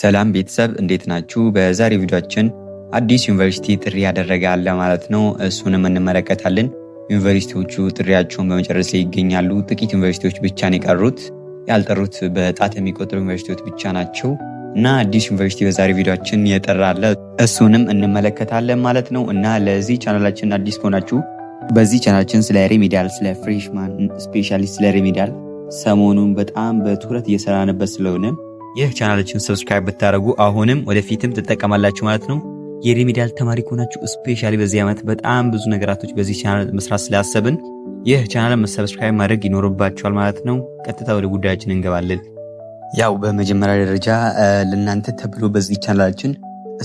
ሰላም ቤተሰብ እንዴት ናችሁ? በዛሬ ቪዲዮችን አዲስ ዩኒቨርሲቲ ጥሪ ያደረገ አለ ማለት ነው። እሱንም እንመለከታለን። ዩኒቨርሲቲዎቹ ጥሪያቸውን በመጨረስ ላይ ይገኛሉ። ጥቂት ዩኒቨርሲቲዎች ብቻ ነው የቀሩት። ያልጠሩት በጣት የሚቆጠሩ ዩኒቨርሲቲዎች ብቻ ናቸው እና አዲስ ዩኒቨርሲቲ በዛሬ ቪዲዮችን የጠራለ እሱንም እንመለከታለን ማለት ነው። እና ለዚህ ቻናላችን አዲስ ከሆናችሁ በዚህ ቻናላችን ስለ ሪሚዲያል፣ ስለ ፍሬሽማን ስፔሻሊስት፣ ስለ ሪሚዲያል ሰሞኑን በጣም በትኩረት እየሰራንበት ስለሆነ ይህ ቻናላችን ሰብስክራይብ ብታደረጉ አሁንም ወደፊትም ትጠቀማላችሁ ማለት ነው። የሪሚዲያል ተማሪ ከሆናችሁ ስፔሻሊ በዚህ ዓመት በጣም ብዙ ነገራቶች በዚህ ቻናል መስራት ስላሰብን ይህ ቻናል መሰብስክራይብ ማድረግ ይኖርባችኋል ማለት ነው። ቀጥታ ወደ ጉዳያችን እንገባለን። ያው በመጀመሪያ ደረጃ ለእናንተ ተብሎ በዚህ ቻናላችን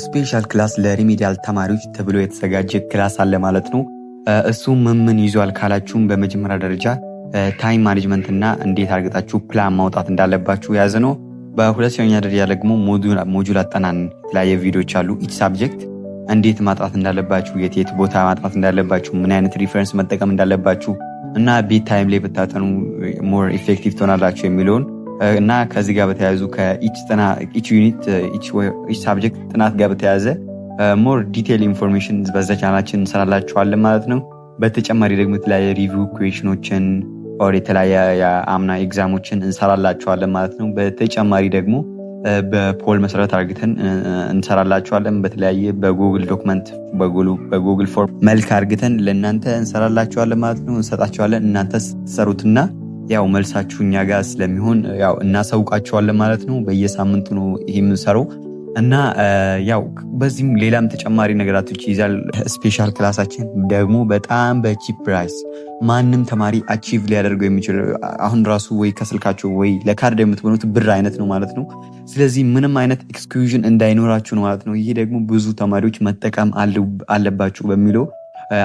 ስፔሻል ክላስ ለሪሚዲያል ተማሪዎች ተብሎ የተዘጋጀ ክላስ አለ ማለት ነው። እሱ ምን ምን ይዟል ካላችሁም በመጀመሪያ ደረጃ ታይም ማኔጅመንት እና እንዴት አድርጋችሁ ፕላን ማውጣት እንዳለባችሁ የያዘ ነው። በሁለተኛ ደረጃ ደግሞ ሞጁል አጠናን የተለያየ ቪዲዮዎች አሉ። ኢች ሳብጀክት እንዴት ማጥናት እንዳለባችሁ፣ የት የት ቦታ ማጥናት እንዳለባችሁ፣ ምን አይነት ሪፈረንስ መጠቀም እንዳለባችሁ እና ቤት ታይም ላይ ብታጠኑ ሞር ኢፌክቲቭ ትሆናላችሁ የሚለውን እና ከዚህ ጋር በተያያዙ ከኢች ዩኒት ኢች ሳብጀክት ጥናት ጋር በተያያዘ ሞር ዲቴል ኢንፎርሜሽን በዛ ቻናችን እንሰራላችኋለን ማለት ነው። በተጨማሪ ደግሞ የተለያየ ሪቪው ኩዌሽኖችን ኦር የተለያየ አምና ኤግዛሞችን እንሰራላቸዋለን ማለት ነው። በተጨማሪ ደግሞ በፖል መሰረት አርግተን እንሰራላቸዋለን በተለያየ በጉግል ዶክመንት በጉግል ፎርም መልክ አርግተን ለእናንተ እንሰራላቸዋለን ማለት ነው፣ እንሰጣቸዋለን እናንተ ሰሩትና ያው መልሳችሁ እኛ ጋር ስለሚሆን ያው እናሳውቃቸዋለን ማለት ነው። በየሳምንቱ ነው ይህ የምንሰረው እና ያው በዚህም ሌላም ተጨማሪ ነገራቶች ይይዛል። ስፔሻል ክላሳችን ደግሞ በጣም በቺፕ ፕራይስ ማንም ተማሪ አቺቭ ሊያደርገው የሚችል አሁን ራሱ ወይ ከስልካቸው ወይ ለካርድ የምትሆኑት ብር አይነት ነው ማለት ነው። ስለዚህ ምንም አይነት ኤክስኪዥን እንዳይኖራችሁ ነው ማለት ነው። ይሄ ደግሞ ብዙ ተማሪዎች መጠቀም አለባችሁ በሚለው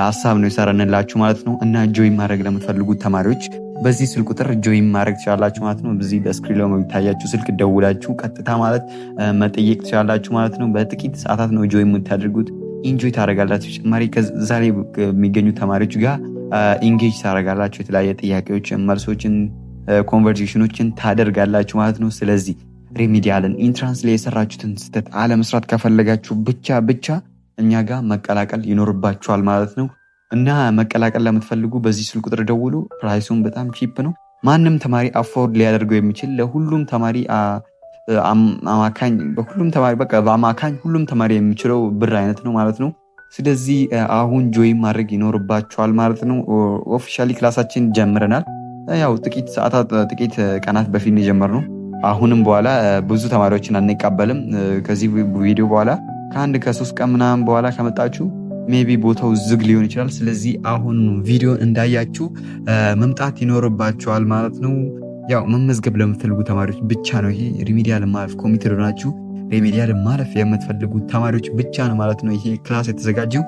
ሀሳብ ነው የሰራንላችሁ ማለት ነው። እና ጆይን ማድረግ ለምትፈልጉት ተማሪዎች በዚህ ስልክ ቁጥር ጆይን ማድረግ ትችላላችሁ ማለት ነው። በዚህ በስክሪን ላይ የሚታያችሁ ስልክ ደውላችሁ ቀጥታ ማለት መጠየቅ ትችላላችሁ ማለት ነው። በጥቂት ሰዓታት ነው ጆይን የምታደርጉት። ኢንጆይ ታደረጋላችሁ። ጭማሪ ከዛ ላይ የሚገኙ ተማሪዎች ጋር ኢንጌጅ ታደረጋላችሁ። የተለያየ ጥያቄዎችን፣ መልሶችን፣ ኮንቨርሴሽኖችን ታደርጋላችሁ ማለት ነው። ስለዚህ ሪሚዲያልን ኢንትራንስ ላይ የሰራችሁትን ስህተት አለመስራት ከፈለጋችሁ ብቻ ብቻ እኛ ጋር መቀላቀል ይኖርባችኋል ማለት ነው። እና መቀላቀል ለምትፈልጉ በዚህ ስልክ ቁጥር ደውሉ። ፕራይሱም በጣም ቺፕ ነው። ማንም ተማሪ አፎርድ ሊያደርገው የሚችል ለሁሉም ተማሪ አማካኝ በሁሉም ተማሪ በቃ በአማካኝ ሁሉም ተማሪ የሚችለው ብር አይነት ነው ማለት ነው። ስለዚህ አሁን ጆይን ማድረግ ይኖርባቸዋል ማለት ነው። ኦፊሻሊ ክላሳችን ጀምረናል። ያው ጥቂት ሰዓታት ጥቂት ቀናት በፊት የጀመርነው አሁንም በኋላ ብዙ ተማሪዎችን አንቀበልም ከዚህ ቪዲዮ በኋላ ከአንድ ከሶስት ቀን ምናምን በኋላ ከመጣችሁ ሜቢ ቦታው ዝግ ሊሆን ይችላል። ስለዚህ አሁን ቪዲዮ እንዳያችሁ መምጣት ይኖርባችኋል ማለት ነው። ያው መመዝገብ ለምትፈልጉ ተማሪዎች ብቻ ነው ይሄ። ሪሚዲያል ማለፍ ኮሚቴ ሆናችሁ ሪሚዲያል ማለፍ የምትፈልጉ ተማሪዎች ብቻ ነው ማለት ነው ይሄ ክላስ የተዘጋጀው።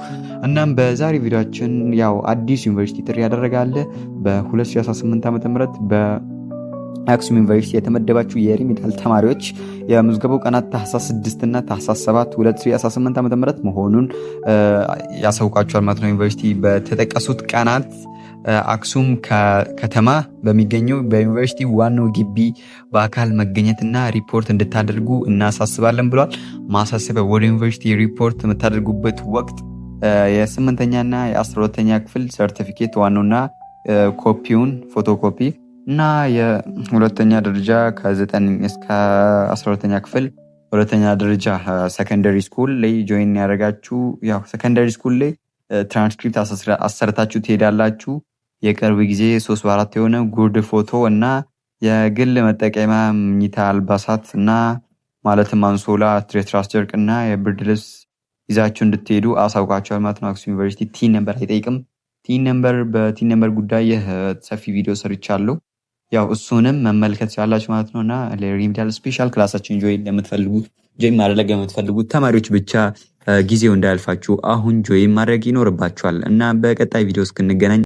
እናም በዛሬ ቪዲዮችን ያው አዲስ ዩኒቨርሲቲ ጥሪ ያደረጋለ በ2018 ዓ ም አክሱም ዩኒቨርሲቲ የተመደባችሁ የሪሚዲያል ተማሪዎች የምዝገባው ቀናት ታህሳስ 6 እና ታህሳስ 7 2018 ዓ ም መሆኑን ያሳውቃችኋል ማለት ነው። ዩኒቨርሲቲ በተጠቀሱት ቀናት አክሱም ከተማ በሚገኘው በዩኒቨርሲቲ ዋናው ግቢ በአካል መገኘትና ሪፖርት እንድታደርጉ እናሳስባለን ብሏል። ማሳሰቢያ ወደ ዩኒቨርሲቲ ሪፖርት የምታደርጉበት ወቅት የስምንተኛና የአስራ ሁለተኛ ክፍል ሰርቲፊኬት ዋናውና ኮፒውን ፎቶኮፒ እና የሁለተኛ ደረጃ ከዘጠኝ እስከ አስራ ሁለተኛ ክፍል ሁለተኛ ደረጃ ሰከንደሪ ስኩል ላይ ጆይን ያደረጋችሁ ያው ሰከንደሪ ስኩል ላይ ትራንስክሪፕት አሰርታችሁ ትሄዳላችሁ። የቅርብ ጊዜ ሶስት በአራት የሆነ ጉርድ ፎቶ እና የግል መጠቀሚያ ምኝታ አልባሳት እና ማለትም አንሶላ፣ ትሬትራስ ጨርቅ እና የብርድ ልብስ ይዛችሁ እንድትሄዱ አሳውቃቸዋል ማለት ነው። አክሱም ዩኒቨርሲቲ ቲን ነበር አይጠይቅም። ቲን ነበር በቲን ነበር ጉዳይ ሰፊ ቪዲዮ ሰርቻለሁ። ያው እሱንም መመልከት ያላችሁ ማለት ነው እና ለሪሚዲያል ስፔሻል ክላሳችን ጆይን ለምትፈልጉ ጆይን ማድረግ ለምትፈልጉ ተማሪዎች ብቻ ጊዜው እንዳያልፋችሁ አሁን ጆይን ማድረግ ይኖርባችኋል እና በቀጣይ ቪዲዮ እስክንገናኝ